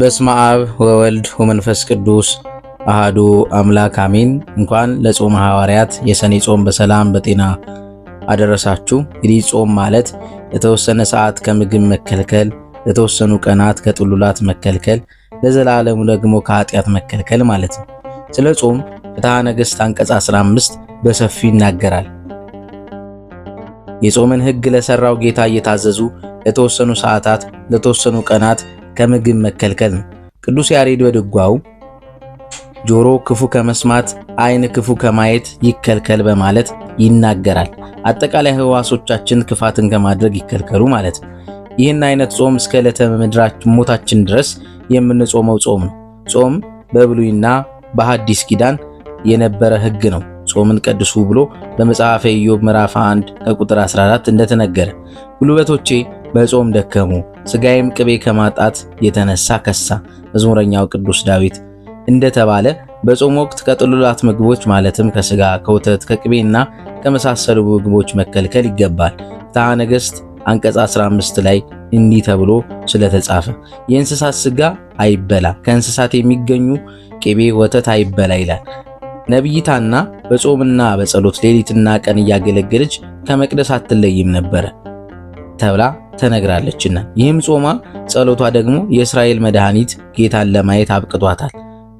በስመ አብ ወወልድ ወመንፈስ ቅዱስ አሃዱ አምላክ አሜን። እንኳን ለጾመ ሐዋርያት የሰኔ ጾም በሰላም በጤና አደረሳችሁ። እንግዲህ ጾም ማለት ለተወሰነ ሰዓት ከምግብ መከልከል፣ ለተወሰኑ ቀናት ከጥሉላት መከልከል፣ ለዘላለሙ ደግሞ ከኃጢአት መከልከል ማለት ነው። ስለ ጾም ፍትሐ ነገሥት አንቀጽ 15 በሰፊው ይናገራል። የጾምን ሕግ ለሰራው ጌታ እየታዘዙ ለተወሰኑ ሰዓታት ለተወሰኑ ቀናት ከምግብ መከልከል ነው። ቅዱስ ያሬድ በድጓው ጆሮ ክፉ ከመስማት ዓይን ክፉ ከማየት ይከልከል በማለት ይናገራል። አጠቃላይ ህዋሶቻችን ክፋትን ከማድረግ ይከልከሉ ማለት ነው። ይህን አይነት ጾም እስከ ዕለተ ምድራችን ሞታችን ድረስ የምንጾመው ጾም ነው። ጾም በብሉይና በሐዲስ ኪዳን የነበረ ህግ ነው። ጾምን ቀድሱ ብሎ በመጽሐፈ ኢዮብ ምዕራፍ 1 ከቁጥር 14 እንደተነገረ ጉልበቶቼ በጾም ደከሙ፣ ሥጋዬም ቅቤ ከማጣት የተነሳ ከሳ። መዝሙረኛው ቅዱስ ዳዊት እንደተባለ በጾም ወቅት ከጥሉላት ምግቦች ማለትም ከስጋ፣ ከወተት፣ ከቅቤና ከመሳሰሉ ምግቦች መከልከል ይገባል። ፍትሐ ነገሥት አንቀጽ 15 ላይ እንዲህ ተብሎ ስለተጻፈ የእንስሳት ስጋ አይበላ፣ ከእንስሳት የሚገኙ ቅቤ፣ ወተት አይበላ ይላል። ነቢይታና በጾምና በጸሎት ሌሊትና ቀን እያገለገለች ከመቅደስ አትለይም ነበረ ተብላ ተነግራለችና ይህም ጾሟ ጸሎቷ ደግሞ የእስራኤል መድኃኒት ጌታን ለማየት አብቅቷታል።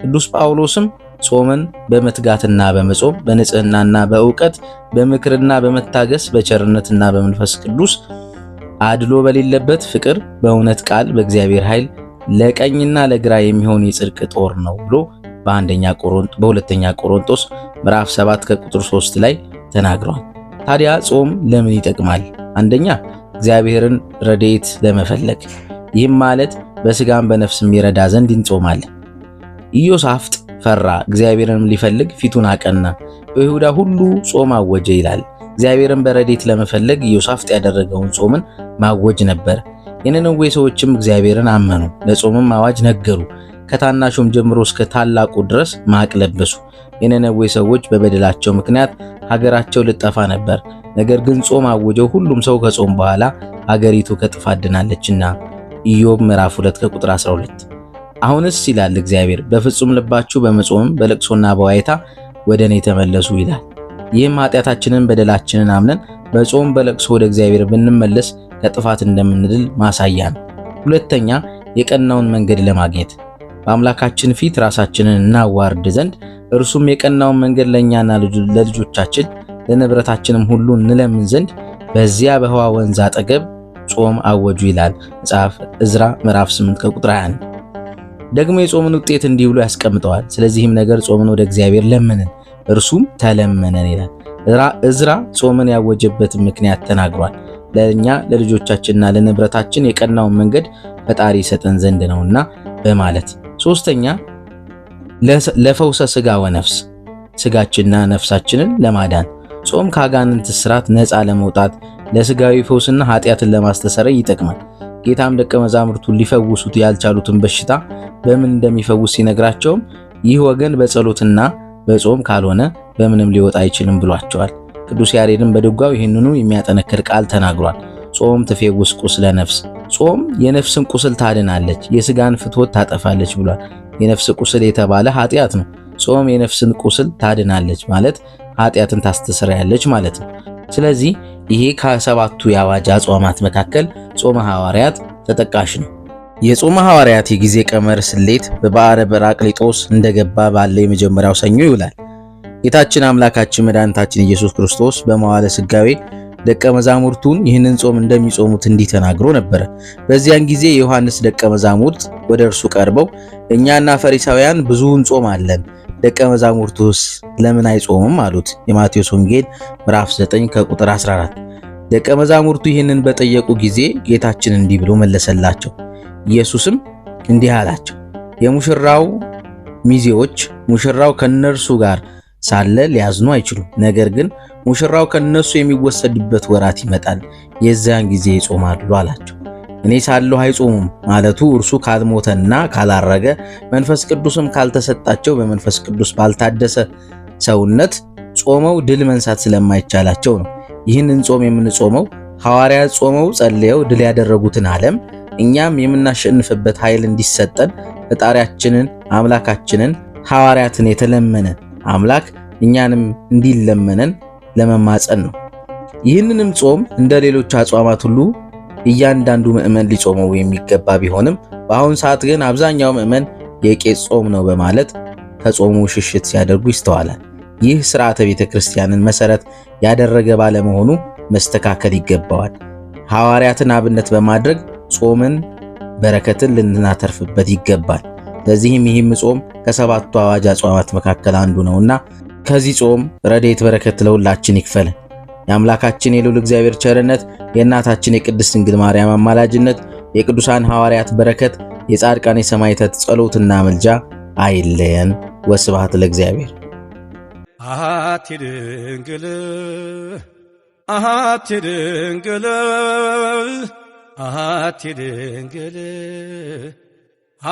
ቅዱስ ጳውሎስም ጾምን በመትጋትና በመጾም በንጽህናና በእውቀት በምክርና በመታገስ በቸርነትና በመንፈስ ቅዱስ አድሎ በሌለበት ፍቅር በእውነት ቃል በእግዚአብሔር ኃይል ለቀኝና ለግራ የሚሆን የጽድቅ ጦር ነው ብሎ በአንደኛ ቆሮንቶስ በሁለተኛ ቆሮንቶስ ምዕራፍ 7 ከቁጥር 3 ላይ ተናግሯል። ታዲያ ጾም ለምን ይጠቅማል? አንደኛ እግዚአብሔርን ረድኤት ለመፈለግ ይህም ማለት በስጋም በነፍስም ይረዳ ዘንድ እንጾማለን። ኢዮሳፍጥ ፈራ፣ እግዚአብሔርንም ሊፈልግ ፊቱን አቀና፣ በይሁዳ ሁሉ ጾም አወጀ ይላል። እግዚአብሔርን በረድኤት ለመፈለግ ኢዮሳፍጥ ያደረገውን ጾምን ማወጅ ነበር። የነነዌ ሰዎችም እግዚአብሔርን አመኑ፣ ለጾምም አዋጅ ነገሩ። ከታናሹም ጀምሮ እስከ ታላቁ ድረስ ማቅ ለበሱ። የነነዌ ሰዎች በበደላቸው ምክንያት ሀገራቸው ልጠፋ ነበር። ነገር ግን ጾም አወጀው፣ ሁሉም ሰው ከጾም በኋላ አገሪቱ ከጥፋት ድናለችና። ኢዮብ ምዕራፍ 2 ከቁጥር 12። አሁንስ ይላል እግዚአብሔር በፍጹም ልባችሁ በመጾም በለቅሶና በዋይታ ወደ እኔ ተመለሱ ይላል። ይህም ኃጢአታችንን በደላችንን አምነን በጾም በለቅሶ ወደ እግዚአብሔር ብንመለስ ከጥፋት እንደምንድል ማሳያ ነው። ሁለተኛ የቀናውን መንገድ ለማግኘት በአምላካችን ፊት ራሳችንን እናዋርድ ዘንድ እርሱም የቀናውን መንገድ ለእኛና ለልጆቻችን ለንብረታችንም ሁሉ እንለምን ዘንድ በዚያ በህዋ ወንዝ አጠገብ ጾም አወጁ ይላል መጽሐፍ ዕዝራ ምዕራፍ 8 ከቁጥር 21። ደግሞ የጾምን ውጤት እንዲህ ብሎ ያስቀምጠዋል። ስለዚህም ነገር ጾምን ወደ እግዚአብሔር ለመንን እርሱም ተለመነን ይላል። ዕዝራ ጾምን ያወጀበት ምክንያት ተናግሯል። ለእኛ ለልጆቻችንና ለንብረታችን የቀናውን መንገድ ፈጣሪ ይሰጠን ዘንድ ነውና በማለት ሶስተኛ ለፈውሰ ስጋ ወነፍስ ስጋችንና ነፍሳችንን ለማዳን ጾም ከአጋንንት ስራት ነፃ ለመውጣት ለስጋዊ ፈውስና ኃጢአትን ለማስተሰረይ ይጠቅማል። ጌታም ደቀ መዛሙርቱ ሊፈውሱት ያልቻሉትን በሽታ በምን እንደሚፈውስ ሲነግራቸውም ይህ ወገን በጸሎትና በጾም ካልሆነ በምንም ሊወጣ አይችልም ብሏቸዋል። ቅዱስ ያሬድም በድጓው ይህንኑ የሚያጠነክር ቃል ተናግሯል። ጾም ትፌውስ ቁስለ ነፍስ፣ ጾም የነፍስን ቁስል ታድናለች፣ የስጋን ፍትወት ታጠፋለች ብሏል። የነፍስ ቁስል የተባለ ኃጢአት ነው። ጾም የነፍስን ቁስል ታድናለች ማለት ኃጢአትን ታስተሰርያለች ማለት ነው። ስለዚህ ይሄ ከሰባቱ የአዋጅ አጽዋማት መካከል ጾመ ሐዋርያት ተጠቃሽ ነው። የጾመ ሐዋርያት የጊዜ ቀመር ስሌት በባሕረ በራቅሊጦስ እንደገባ ባለው የመጀመሪያው ሰኞ ይውላል። ጌታችን አምላካችን መድኃኒታችን ኢየሱስ ክርስቶስ በመዋለ ስጋዌ ደቀ መዛሙርቱን ይህንን ጾም እንደሚጾሙት እንዲህ ተናግሮ ነበረ። በዚያን ጊዜ የዮሐንስ ደቀ መዛሙርት ወደ እርሱ ቀርበው እኛና ፈሪሳውያን ብዙውን ጾም አለን ደቀ መዛሙርቱስ ለምን አይጾምም አሉት። የማቴዎስ ወንጌል ምዕራፍ 9 ከቁጥር 14። ደቀ መዛሙርቱ ይህንን በጠየቁ ጊዜ ጌታችን እንዲህ ብሎ መለሰላቸው። ኢየሱስም እንዲህ አላቸው፣ የሙሽራው ሚዜዎች ሙሽራው ከነርሱ ጋር ሳለ ሊያዝኑ አይችሉም። ነገር ግን ሙሽራው ከነሱ የሚወሰድበት ወራት ይመጣል፣ የዚያን ጊዜ ይጾማሉ አላቸው። እኔ ሳለሁ አይጾሙም ማለቱ እርሱ ካልሞተና ካላረገ መንፈስ ቅዱስም ካልተሰጣቸው በመንፈስ ቅዱስ ባልታደሰ ሰውነት ጾመው ድል መንሳት ስለማይቻላቸው ነው። ይህንን ጾም የምንጾመው ሐዋርያት ጾመው ጸልየው ድል ያደረጉትን ዓለም እኛም የምናሸንፍበት ኃይል እንዲሰጠን ፈጣሪያችንን አምላካችንን ሐዋርያትን የተለመነ አምላክ እኛንም እንዲለመነን ለመማጸን ነው። ይህንንም ጾም እንደ ሌሎች አጽዋማት ሁሉ እያንዳንዱ ምዕመን ሊጾመው የሚገባ ቢሆንም በአሁን ሰዓት ግን አብዛኛው ምዕመን የቄስ ጾም ነው በማለት ከጾሙ ሽሽት ሲያደርጉ ይስተዋላል። ይህ ስርዓተ ቤተ ክርስቲያንን መሰረት ያደረገ ባለመሆኑ መስተካከል ይገባዋል። ሐዋርያትን አብነት በማድረግ ጾምን በረከትን ልናተርፍበት ይገባል። ለዚህም ይህም ጾም ከሰባቱ አዋጅ አጽዋማት መካከል አንዱ ነውና ከዚህ ጾም ረድኤት በረከት ለሁላችን ይክፈለን። የአምላካችን የልዑል እግዚአብሔር ቸርነት የእናታችን የቅድስት ድንግል ማርያም አማላጅነት፣ የቅዱሳን ሐዋርያት በረከት፣ የጻድቃን የሰማዕታት ጸሎትና መልጃ አይለየን። ወስብሐት ለእግዚአብሔር። አሐቲ ድንግል አሐቲ ድንግል አሐቲ ድንግል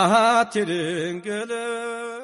አሐቲ ድንግል